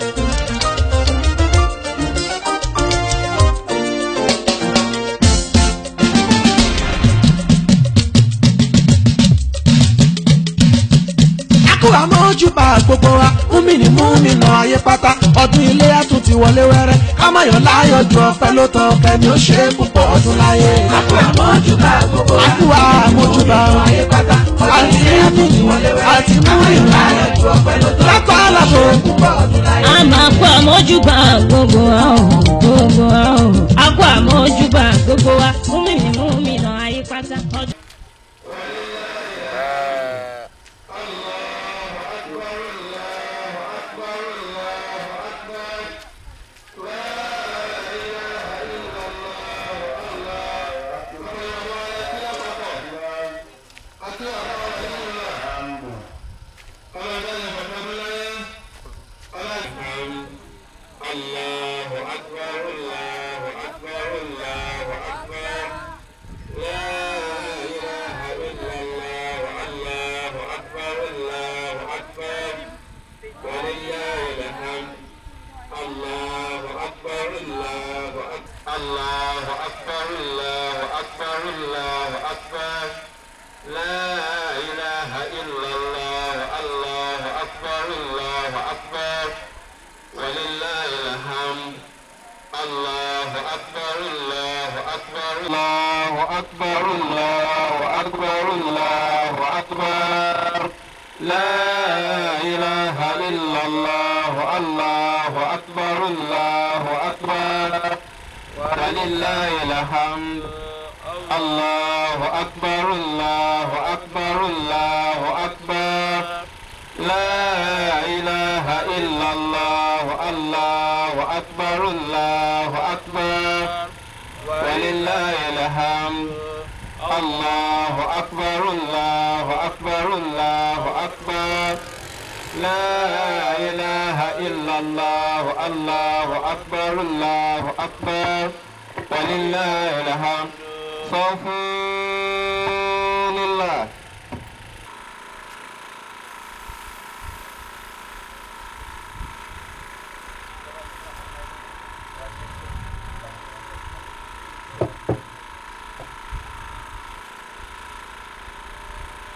you bá gbogbo wa múmìnì múmìnà ayé pátá ọdún iléyá tún ti wọlé wẹ́rẹ́ kámáyọ̀ láyọ̀ ju ọ̀fẹ́ ló tọ́ ọ̀fẹ́ ni ó ṣe é púpọ̀ ọdún láyé. àkú àmójúbà gbogbo wa àkú àmójúbà ayé pátá ọdún iléyá tún ti wọlé wẹ́rẹ́ àti múmìnà láyọ̀ ju ọ̀fẹ́ ló tọ́ lápá àlàbò púpọ̀ ọdún láyé. àmà àkú àmójúbà gbogbo wa gbogbo wa àkú gbogbo wa múmìnì múmìnà ayé pátá ọdún. أكبر الله أكبر ولله الحمد الله أكبر الله أكبر الله أكبر الله أكبر الله أكبر لا إله إلا الله الله أكبر الله أكبر ولله الحمد الله أكبر الله أكبر الله أكبر لا إله إلا الله الله أكبر الله أكبر ولله الحمد الله أكبر الله أكبر الله أكبر لا إله إلا الله الله أكبر الله أكبر ولله الحمد صفور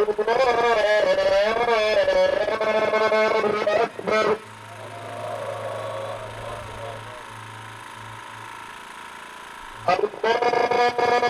Allahu Akbar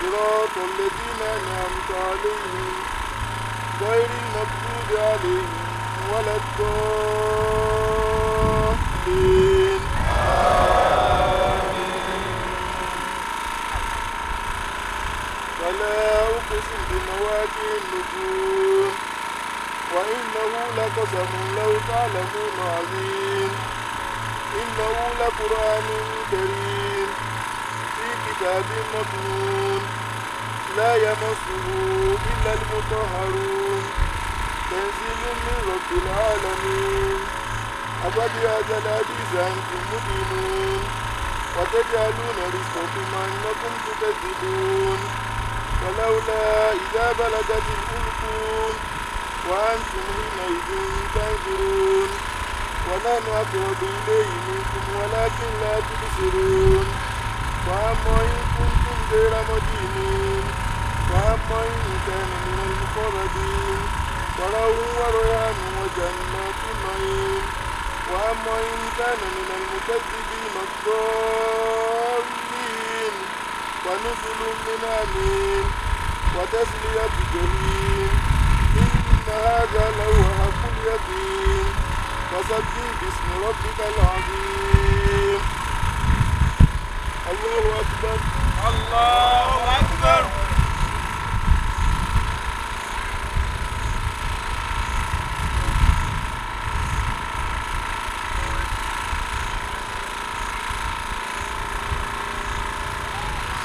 صراط الذين أنعمت عليهم غير المغضوب عليهم ولا الضالين فلا أقسم بمواقع النجوم وإنه لقسم لو تعلمون عظيم إنه لقرآن كريم كتاب مكنون لا يمسه إلا المطهرون تنزيل من رب العالمين أفقد هذا الحديث أنتم مدينون وتجعلون رزقكم أنكم تكذبون فلولا إذا بلغت الحلقون وأنتم حينئذ تنظرون ونحن أقرب إليه منكم ولكن لا تبصرون وأما إن كنتم غير مدينين وأما إن كان من المقربين فله وريان وجنات نعيم وأما إن كان من المكذبين الضالين فنزل من حميم وتسلية جليل إن هذا لهو حق اليقين فسبح باسم ربك العظيم الله أكبر الله أكبر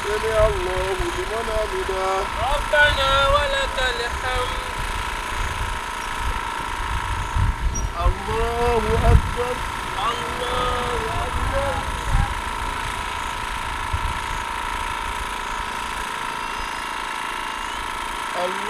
سمع الله لمن حمده ربنا ولك الحمد الله أكبر الله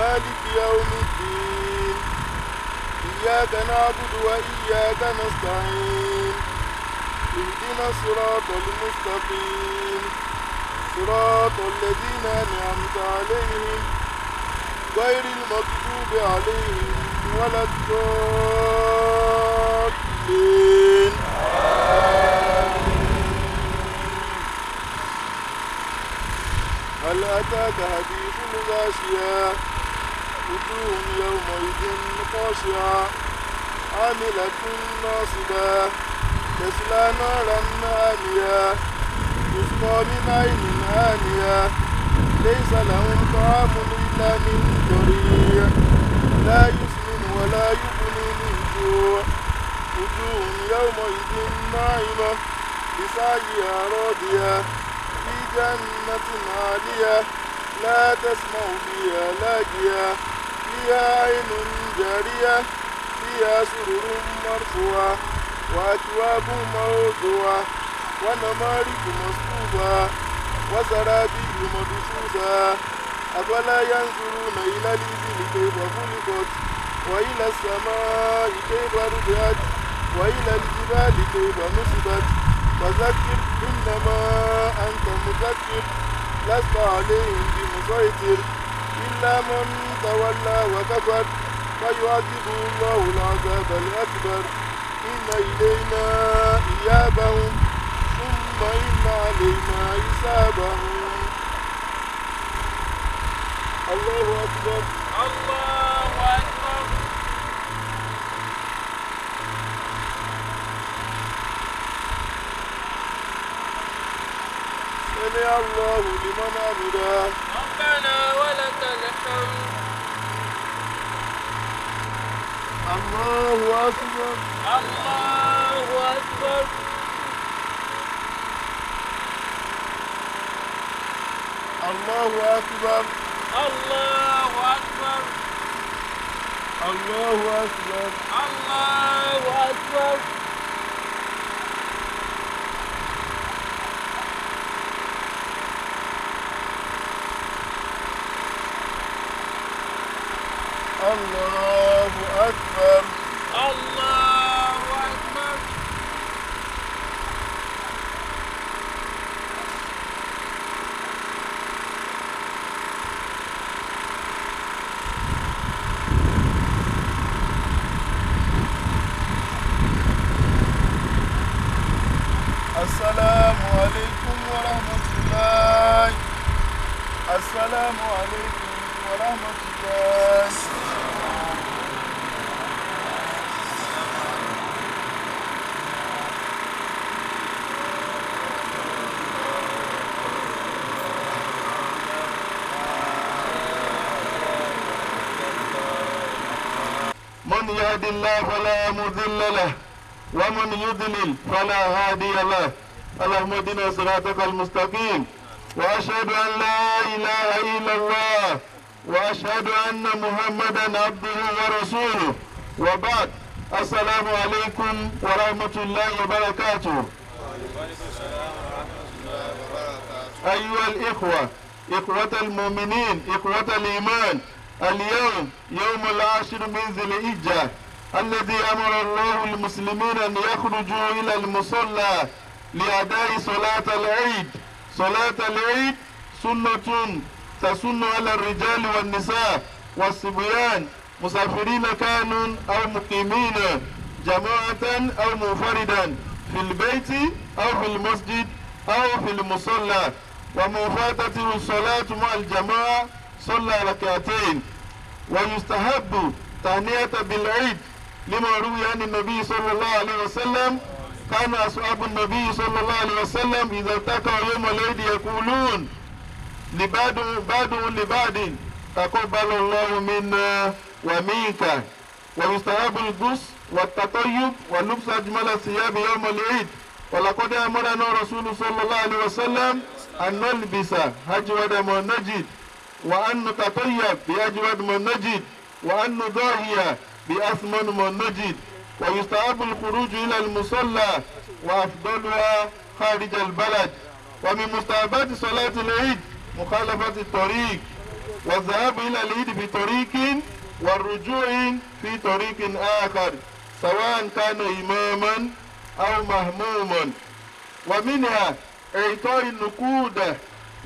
مالك يوم الدين إياك نعبد وإياك نستعين اهدنا الصراط المستقيم صراط الذين أنعمت عليهم غير المكتوب عليهم ولا الضالين هل أتاك حديث الغاشية وجوه يومئذ خاشعة عاملة ناصبة تسلى نارا آنية تسقى من عين آنية ليس لهم طعام إلا من ضريع لا يسمن ولا يغني من جوع وجوه يومئذ ناعمة لسعيها راضية في جنة عالية لا تسمع فيها لاجية فيها عين جارية فيها سرر مرفوعة وأكواب موضوعة ونمارق مصفوفة وزرابي مبثوثة أفلا ينظرون إلى الإبل كيف خلقت وإلى السماء كيف رفعت وإلى الجبال كيف نصبت فذكر إنما أنت مذكر لست عليهم بمسيطر إلا من تولى وكفر فيعذب الله العذاب الأكبر إن إلينا إيابهم ثم إن علينا حسابهم الله أكبر الله أكبر سمع الله لمن عبده ربنا ولك الحمد الله أكبر الله أكبر الله أكبر الله أكبر الله أكبر الله أكبر أكبر الله أكبر السلام عليكم ورحمة الله السلام عليكم ورحمة الله يهد الله فلا مذل له ومن يضلل فلا هادي له اللهم اهدنا صراطك المستقيم واشهد ان لا اله الا الله واشهد ان محمدا عبده ورسوله وبعد السلام عليكم ورحمه الله وبركاته ايها الاخوه اخوه المؤمنين اخوه الايمان اليوم يوم العاشر من ذي الحجه الذي أمر الله المسلمين أن يخرجوا إلى المصلى لأداء صلاة العيد صلاة العيد سنة تسن على الرجال والنساء والصبيان مسافرين كانوا أو مقيمين جماعة أو منفردا في البيت أو في المسجد أو في المصلى ومن فاتته الصلاة مع الجماعة صلى ركعتين ويستحب تهنئة بالعيد لما روي عن النبي صلى الله عليه وسلم كان أصحاب النبي صلى الله عليه وسلم إذا التقوا يوم العيد يقولون لبعض بعض لبعض تقبل الله منا ومنك ويستحب الجس والتطيب ولبس أجمل الثياب يوم العيد ولقد أمرنا رسول صلى الله عليه وسلم أن نلبس أجود ما نجد وأن نتطيب بأجود ما نجد وأن نضاهي بأثمن من نجد ويستحب الخروج إلى المصلى وأفضلها خارج البلد ومن مستحبات صلاة العيد مخالفة الطريق والذهاب إلى العيد بطريق والرجوع في طريق آخر سواء كان إماما أو مهموما ومنها إعطاء النقود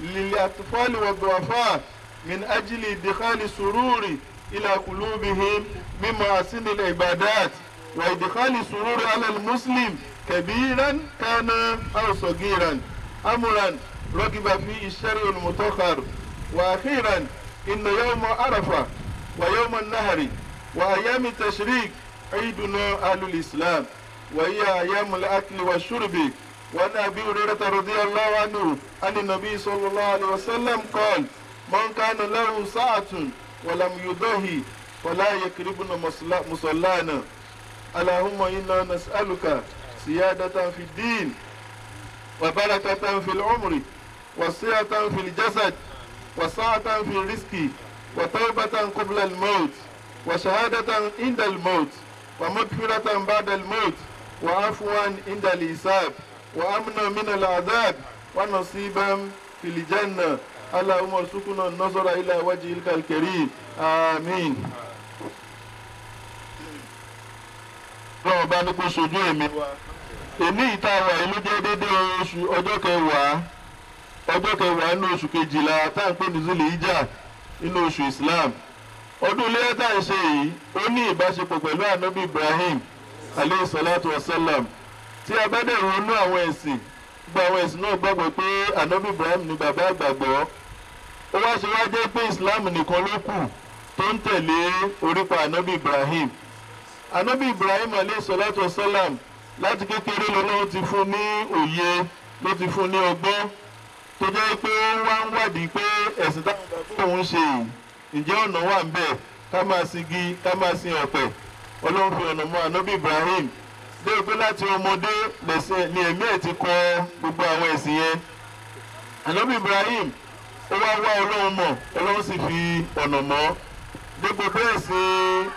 للأطفال والضعفاء من أجل إدخال السرور إلى قلوبهم من محاسن العبادات وإدخال السرور على المسلم كبيرا كان أو صغيرا أمرا رغب فيه الشر المتأخر وأخيرا إن يوم عرفة ويوم النهر وأيام التشريق عيدنا أهل الإسلام وهي أيام الأكل والشرب وعن أبي هريرة رضي الله عنه أن النبي صلى الله عليه وسلم قال man kana lahu sa'atun wa lam yudahi wa la yakribuna musallana allahumma inna nas'aluka siyadatan fi din wa barakatan fil umri wa siyatan fil jasad wa sa'atan fil rizqi wa tawbatan qabla al maut wa shahadatan inda al maut wa maghfiratan ba'da al maut wa afwan inda al hisab wa amna min al adhab wa nasiban fil jannah اللهم ارزقنا النظر إلى وجهك الكريم آمين ọlọ́run bá ní kó sojú èmi èmi ìta wà ìlú jẹ́ déédéé oṣù ọjọ́ kẹwàá ọjọ́ kẹwàá inú oṣù kejìlá tá à ń pè ní zulu ijá inú oṣù Islam ọdún ilé tá à ń ṣe yìí ó ní ìbáṣepọ̀ pẹ̀lú anabi Ibrahim aleyhi salatu wa salam tí a bá dẹ̀ ronú àwọn ẹ̀sìn gbogbo àwọn ẹ̀sìn náà gbàgbọ́ pé anabi Ibrahim ni bàbá àgbàgbọ́ ó wá ṣe wá pé islam nìkan ló kù tó ń tẹ̀lé orípa anabi ibrahim anabi ibrahim alayhi salatu wasalam láti kékeré lọ́lọ́run ti fún ní òye ló ti fún ní ọgbọ́n tó jẹ́ pé wá ń wádìí pé ẹ̀sìn táwọn bàbá òun ṣe yìí ǹjẹ́ ọ̀nà wà ń bẹ̀ ká máa sin igi ká máa sin ọ̀pẹ̀ ọlọ́run fi ọ̀nà mọ́ ànábì Ibrahim dé pé láti ọmọdé lẹ̀sìn ni ẹ̀mí ẹ̀ ti kọ́ gbogbo àwọn ẹ̀sìn yẹn ànábì Ibrahim ó wá wá ọlọ́run mọ̀ ọlọ́run sì fi ọ̀nà mọ́ dípò bẹ́ẹ̀ sí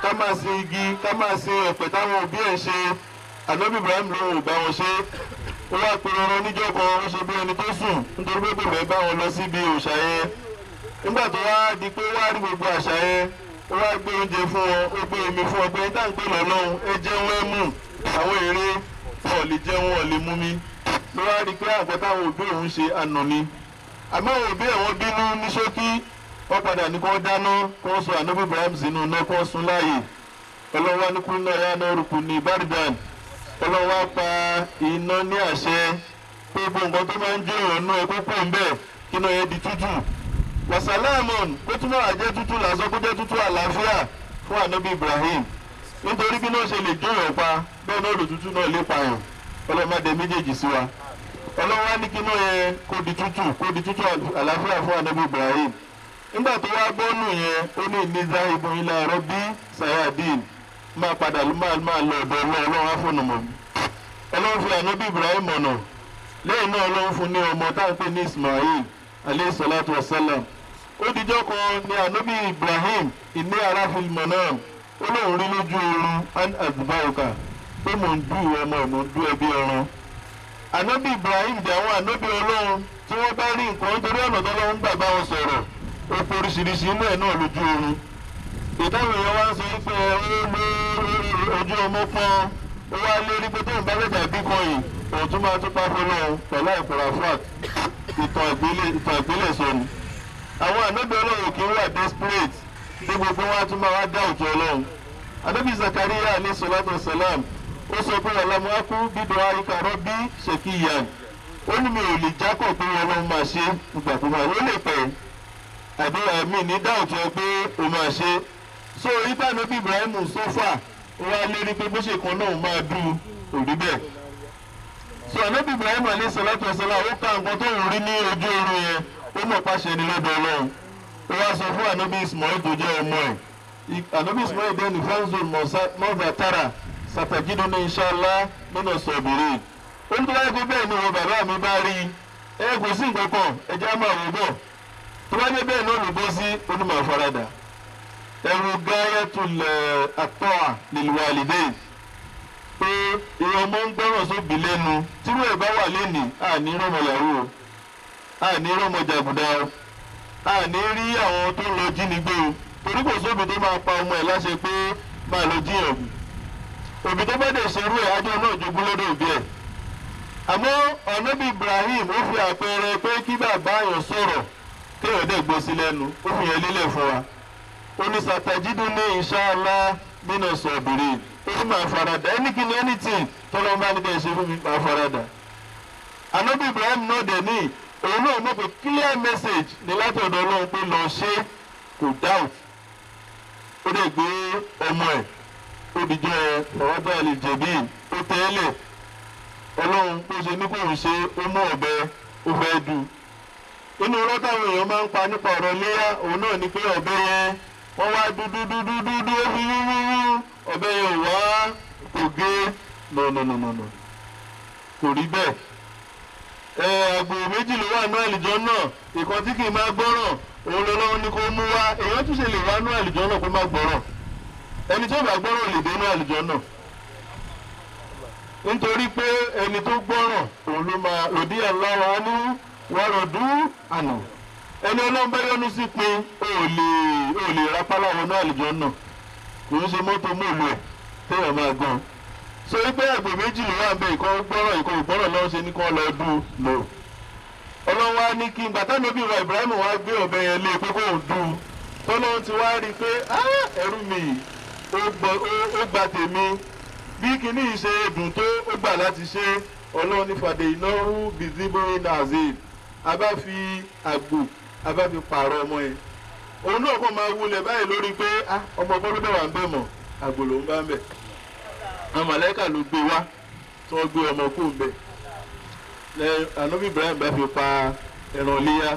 ká máa ṣe igi ká máa ṣe ẹ̀pẹ̀ táwọn òbí ẹ̀ ṣe ànábì Ibrahim ló ń bá wọn ṣe ó wá pe ọ̀rọ̀ níjọ́ kan ó ṣe bí ẹni tó sùn nítorí pé bèbè bá wọn lọ síbi òòṣà yẹn nígbà tó wá di pé wá rí gbogbo àṣà yẹn ó wá gbé oúnjẹ fún wọn ó gbé omi fún wọn pé tá à ń pè lọ́lọ́run ẹ jẹun ẹ mú àwọn èrè wọn ò lè jẹun mi ló wá rí pé àgbẹ̀ táwọn òbí òun ṣe ànà àmọ́ òbí ẹ̀wọ̀n bínú ní ṣókí wọ́n padà ní kó dáná kó sọ ànábì Ibrahim sínú iná kó sun láàyè ọlọ́wọ́ ní kúnlẹ̀ ya náà ní baridan ọlọ́wọ́ pa iná ní àṣẹ pé gbogbo nǹkan tó máa ń jó ìrànú ẹ kó pọ̀ ń bẹ̀ kí náà yẹ di tútù wasalaamun kó túmọ̀ àjẹ́ tútù làásán kó jẹ́ tútù àlàáfíà fún ànábì Ibrahim nítorí bí náà ṣe lè jó ìrànpa bẹ́ẹ̀ náà lòtútù náà lè pààyàn ọlọ́mọdé méjèèjì sí wa ọlọ́wọ́ ní kí náà yẹn kó di tútù kó di tútù àlàáfíà fún anabi ibrahim nígbà tó wá gbọ́nù yẹn ó ní níza ibùn ilẹ̀ ẹ̀rọ bí sayadin máa padà máa máa lọ ọ̀dọ̀ ọlọ́run afọ́nàmọ́ ọlọ́run fi anabi ibrahim ọ̀nà lẹ́yìn náà ọlọ́run fún ní ọmọ táwọn pè ní ismail alayhi salatu wa salam ó dijọ́ kan ní anabi ibrahim ìní aráfin mọ̀nà ó lóun rí lójú oorun an azbauka pé mò ń dú ìwọ ọmọ mò ń dú ẹbí ọrùn anabi Ibrahim dẹ̀ àwọn ànábì Ọlọ́run tí wọ́n bá rí nǹkan nítorí ọ̀nà tó lọ́wọ́ ń gbà bá wọn sọ̀rọ̀ ó fi oríṣiríṣi inú ẹ̀ náà lójú oorun ìtọ́wò yẹn wá ń sọ pé ojú ọmọ fún ọ wá lérí pé tóun bá gbẹ̀dà bíkọ́yìn òtún máa tún pápẹ́ lọ́wọ́ pẹ̀lú àìkúra fat ìtàn ìpínlẹ̀ sọnù àwọn ànábì Ọlọ́run kì í wà desperate bí gbogbo wa tún máa wá dá òtún Ọlọ́run ànábì Zakariya ní sọlátọ̀ sàlám ó sọ pé ọlọ́mọ á kú bíbọ̀ àríkàrọ́ bí ṣèkìyàn ó ní mi ò lè jákọ̀ pé ọlọ́mọ máa ṣe ìgbà tó máa ó lè pẹ́ àbí àmì ní dáhùn tó yẹ pé ó máa ṣe so ibanu bí Ibrahim sọ́fà wá lérí pé bó ṣe kan náà máa dú òrí bẹ́ẹ̀ so ànábì Ibrahim alayhi salatu wasala ó ka nǹkan tó ń rí ní ojú oorun yẹn ó mọ̀ pàṣẹ ní lọ́dọ̀ Ọlọ́run ó wá sọ fún ànábì Ismail tó jẹ́ ọmọ ẹ̀ ànábì Ismail dẹ́nu fẹ́ǹsọ̀ mọ̀ọ́sà mọ́ọ̀dà tára sàtàjínú ní inṣàlá nínú sọ̀bìrì olùdókòwò bẹ́ẹ̀ ni wọn bàbá mi bá rí i ẹ kò sí nǹkan kan ẹja máa wò bọ̀ tó bá dé bẹ́ẹ̀ náà olùbọ́ sí onímọ̀ àfaradà ẹ̀rù gáyà tulẹ̀ àtọ́à lèlúwàlídẹ́ pé ìrọ̀ mọ́ ń gbọ́ràn sóbì lẹ́nu tírú ẹ̀ bá wà lẹ́nì àní rọmọyàwó àní rọmọjàgùdà àní rí àwọn tó lọ jínigbé o torí kò sóbì tó máa pa ọmọ ẹ̀ láṣẹ pé máa lọ jíyàn òbí tó bá dé ṣerú ẹ̀ ajọ́ náà jogún lọ́dọ̀ òbí ẹ̀ àmọ́ ọ̀nàbí Ibrahim ó fi àpẹẹrẹ pé kí bàbá àyàn sọ̀rọ̀ kéèyàn dẹ̀ gbó sí lẹ́nu ó fi yẹn lélẹ̀ fún wa ó ní sàtàjídùn ní ìṣáàlá nínú sọ̀bìrì ó ní máa faradà anything anything tọ́lọ́ bá ní bẹ́ẹ̀ ṣe fún mi máa faradà ànàbí Ibrahim náà dẹ̀ ní òun náà mọ̀ pé clear message ní látọ̀dọ̀ Ọlọ́run pé lọ ṣe kò doubt ó dẹ̀ gbé ọmọ ẹ̀ olùdíjọ́ ọ̀rọ̀bà ìjẹ̀bí ó tẹ́lẹ̀ ọlọ́run ó ṣe ní kò ń ṣe ó mú ọ̀bẹ ó fẹ́ du inú ọ̀rọ̀ táwọn èèyàn máa ń pa nípa ọ̀rọ̀ léyà òun náà ni pé ọ̀bẹ yẹn wọ́n wá dúdú dúdú dúdú ó fi wúwúwú ọ̀bẹ yẹn ò wá kò gé nọ̀nọ̀nọ̀nọ̀ kò rí bẹ́ẹ̀ àgbò méjì ló wà ní àlìjọ náà ìkan tí kì í máa gbọ́ràn òun lọ́wọ́ ni kò mú wá èèyàn tún ṣe lè wá ní àlìjọ náà kó má gbọ́ràn ẹni tó bá gbọ́rọ̀ lè dé inú àlùjọ náà nítorí pé ẹni tó gbọ́rọ̀ òun ló máa òdí ẹ̀ lọ́wọ́ á ní wọ́rọ̀dú àná ẹni ọlọ́run bá yọ́nú sí pé o lè o lè rapálá wọnú àlùjọ náà kò ń ṣe mọ́tò mọ́ọ̀lù ẹ̀ téèyàn máa gan so wípé àgbè méjì ló wà bẹ́ẹ̀ ìkọ́ gbọ́rọ̀ ìkọ́ gbọ́rọ̀ lọ́wọ́ ṣe ní kọ́ lọ dún lò ọlọ́run wá ní kí n bàtà níbi ìwà Ibrahim wá gbé ọ̀bẹ yẹn lé e pé kóun dún tọ́lọ́run ti wá rí i pé ẹrú mi yìí ó gba tèmi bí kinní yìí ṣe dùn tó ó gbà láti ṣe ọlọ́run ní fàdé ìlọ́run bìzíbóyin nazib a bá fi àgbò a bá fi pààrọ̀ ọmọ yẹn òun náà kàn máa wulẹ̀ báyìí lórí pé ah, ọmọ bọ́dún bẹ́ẹ̀ wà ń bẹ̀ mọ̀ àgbò ló ń bá ń bẹ̀ àwọn màlẹ́kà ló gbé wá tí wọ́n gbé ọmọ kó ń bẹ̀ lẹ ànábì Ibrahim bá fi pa ẹran léyà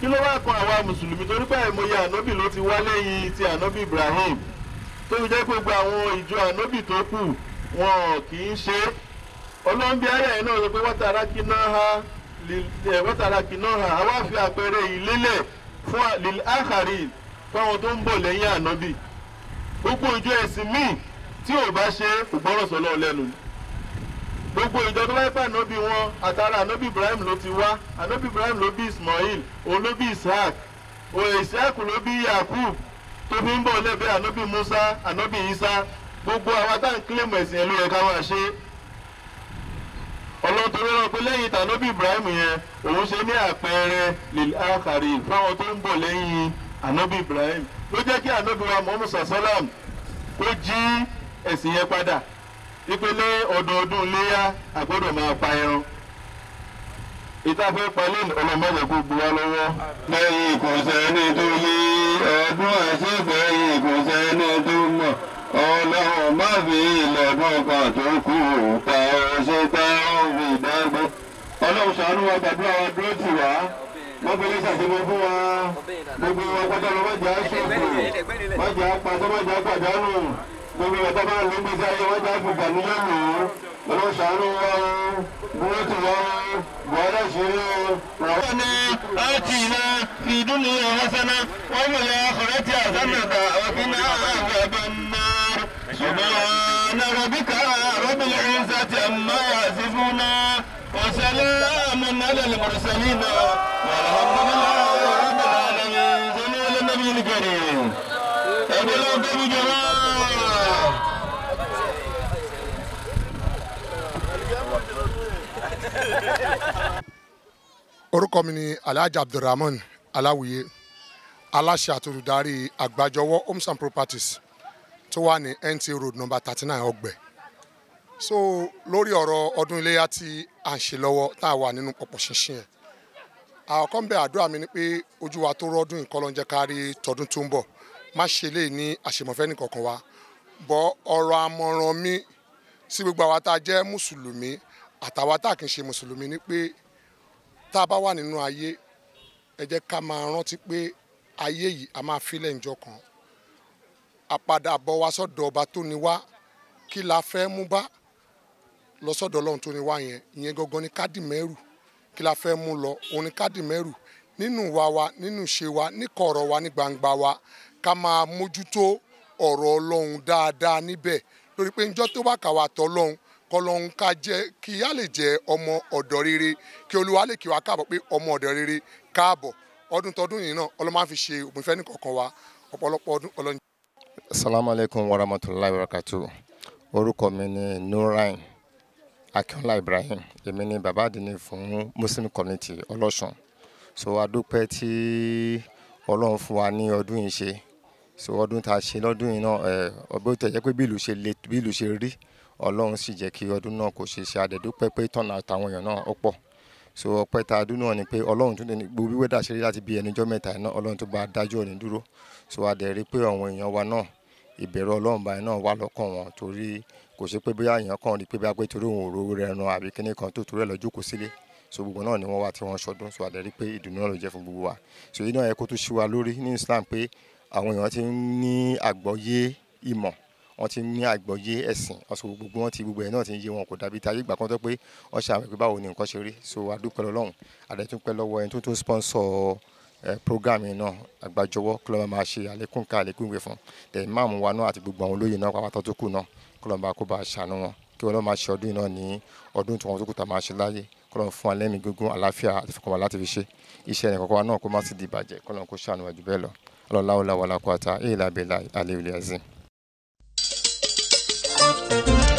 kí ló wá kan àwa mùsùlùmí torí pé àìmọye ànábì ló ti wá lẹ́yìn ti ànábì Ibrahim tó fi jẹ́ pé gbogbo àwọn ìjọ ànóbì tó kù wọn kì í ṣe olóńgbé ayé yìí náà sọ pé wọ́tara kiná ha eh, wọ́tara kiná ha àwa fi àpẹẹrẹ yìí lélẹ̀ fún lil akhari fáwọn tó ń bọ̀ lẹ́yìn ànóbì gbogbo ìjọ ẹ̀sìn míì tí ò bá ṣe kò gbọ́rọ̀ sọ́lọ́ lẹ́nu gbogbo ìjọ tó báyìí pàànà bí wọn àtàrà ànábì Ibrahim ló ti wá ànábì Ibrahim ló bí Ismail òun ló bí Isaac òun Isaac ló bí Yakub tóbi ń bọ̀ lẹ́fẹ̀ẹ́ ànábì Musa ànábì Isa gbogbo àwa tá à ń kílèmù ẹ̀sìn ẹ̀lú ẹ̀ka wa ṣe ọlọ́tọ̀rọ̀ rẹ̀ pé lẹ́yìn tànábì Ibrahim yẹn òun ṣe ní àpẹẹrẹ lil akhari fáwọn tó ń bọ̀ lẹ́yìn ànábì Ibrahim ló jẹ́ kí ànábì wa Muhammad sasalam kó jí ẹ̀sìn yẹn padà ìpele ọdọọdún léyà àgbọ́dọ̀ máa pa ẹran ìtafẹ́ pẹ̀lú ọlọ́mọdé gbogbo wa lọ́wọ́. lẹ́yìn ìkùnsẹ̀ ẹni tó yí ọdún àti ìgbẹ̀yìn ìkùnsẹ̀ ẹni ọlọ́run má fi ilẹ̀kùn kan tó kù ta ọṣẹ tá ó fi dágbé. ọlọ́run ṣàánú wa gbàdúrà wa dúró tì wá wọ́n fi lè fún wa gbogbo wa lọ́wọ́ jà á ṣòfò wọ́n jà á gbogbo ẹ̀tọ́ bá ń gbé sáyé wọ́n já gbogbo àmì lónìí lọ́wọ́ sàánú wọn búrẹ́tì wọn bọ́ọ̀lá ìṣeré wọn. wọ́n ní àti iná fi dúnú ọ̀hásánná wọ́n mú ya ọ̀rẹ́tì àsánàtà ọ̀fin náà àgbàbọ̀ náà ṣùgbọ́n àrọ̀bíkà rọ́bìlì ìrìnsàtì àmọ́ àṣìfúnná وسلام على المرسلين والحمد لله رب العالمين صلوا على النبي الكريم أبو العبد orúkọ mi ni alhaji abdulrahman aláwìyé aláṣẹ àtòlùdarí àgbàjọwọ́ homes and properties tó wà ní NTA road number thirty nine ọgbẹ́ so lórí ọ̀rọ̀ ọdún iléyà tí à ń ṣe lọ́wọ́ tá a wà nínú pọ̀pọ̀ ṣinṣin ẹ̀ àkọ́kọ́ ń bẹ àdúrà mi ni pé ojú wa tó rọ́dún ìkọlọ́njẹ́ kárí tọdún tó ń bọ̀ má ṣe lè ní àṣemọ̀fẹ́ nìkankan wa bọ́ ọ̀rọ̀ àmọ̀ràn mi sí gbogbo àwa tá a jẹ́ mùsùlùmí àtàwa tá a kì í ṣe mùsùlùmí ni pé tá a bá wà nínú ayé ẹ jẹ́ ká máa rántí pé ayé yìí a máa filẹ̀ ńjọ́ kan àpadà bọ̀ wá sọ́dọ̀ ọba tó ní wá kí la fẹ́ mú bá lọ sọ́dọ̀ ọlọ́run tó ní wá yẹn ìyẹn gangan ni kádìmẹ́rù kí la fẹ́ mú lọ òun ni kádìmẹ́rù nínú wa wa nínú ṣe wa níkọ̀ọ̀rọ̀ wa ní gbangba wa ká máa mójútó ọ̀rọ̀ ọlọ́run dáadáa níbẹ̀ lórí pé njọ́ kọlọ́hún ká jẹ́ kí a lè jẹ́ ọmọ ọ̀dọ́ rere kí olúwa lè kí wa káàbọ̀ pé ọmọ ọ̀dọ́ rere káàbọ̀ ọdún tọdún yìí náà ọlọ́mọ àfi ṣe òpin fẹ́ nìkọ̀ọ̀kan wa ọ̀pọ̀lọpọ̀ ọdún ọlọ́njẹ́. assalamu alaikum warahmatullahi wabarakatuh orúkọ mi ni nurain akínọlá ibrahim èmi ni bàbá àdínní fún muslim community ọlọ́sùn so adúpẹ́ tí ọlọ́run fún wa ní ọdún yìí ṣe so ọdún tá a ṣe lọ́dún yìí náà ọgbẹ́ ọlọ́run sì jẹ́ kí ọdún náà kò ṣe ṣe àdẹ̀dúpẹ́ pé tọ̀nà àtàwọn èèyàn náà ọ̀pọ̀ so ọpẹ́ tá a dún náà ni pé ọlọ́run tún lè ní gbogbo wíwẹ́dà ṣeré láti bí ẹnujọ́ mẹ́ta náà ọlọ́run tó bá dájú òní dúró so adẹ̀rí pé àwọn èèyàn wa náà ìbẹ̀rù ọlọ́run báyìí náà wà lọ́kàn wọn torí kò sí pé bóyá èèyàn kan rí pé bá pé torí òun òru rẹ̀ ran àbí kíní kan tó torí ẹ̀ lọ́jọ́ kò sílé so gbogbo náà ni wọ́n wá tí wọ́n ṣọdún so adẹ̀rí pé ìdùnnú náà ló jẹ́ fún gbogbo wa so yìí náà yẹ kó tún ṣí wa lórí ní Islam pé àwọn èèyàn wọ́n ti ní àgbọ́yé ẹ̀sìn ọ̀sọ̀ gbogbo wọn ti gbogbo ẹ̀ náà ti ń yé wọn kò dàbí tayé ìgbà kan tó pé wọ́n ṣe àwọn ìpè báwo ni nǹkan ṣe rí so adúpẹ́ lọ́lọ́run àdẹ́túnpẹ́ lọ́wọ́ ẹni tó tó sponsor program yìí náà àgbàjọwọ́ kí lọ́ba máa ṣe àlékún ká àlékún ìwé fún tẹ̀ máàmù wa náà àti gbogbo àwọn olóyè náà pàápàá tó kù náà kí lọ́ba kó bá ṣàánú wọn kí wọ́n máa ṣe ọdún yìí náà ní ọdún tí wọ́n tó kù tá máa ṣe láyé kí lọ́ba fún alẹ́mí gígùn àlàáfíà àti fọkànbalẹ̀ láti fi ṣe iṣẹ́ ẹnì kọ̀ọ̀kan náà kó má sì di ìbàjẹ́ kí lọ́ba kó ṣàánú ẹ̀ jù bẹ́ẹ̀ lọ ọlọ́láwọ́lá wàlá kọ́ta èèlà bẹ́ẹ̀ àlè ìlẹ̀ azim. Thank you.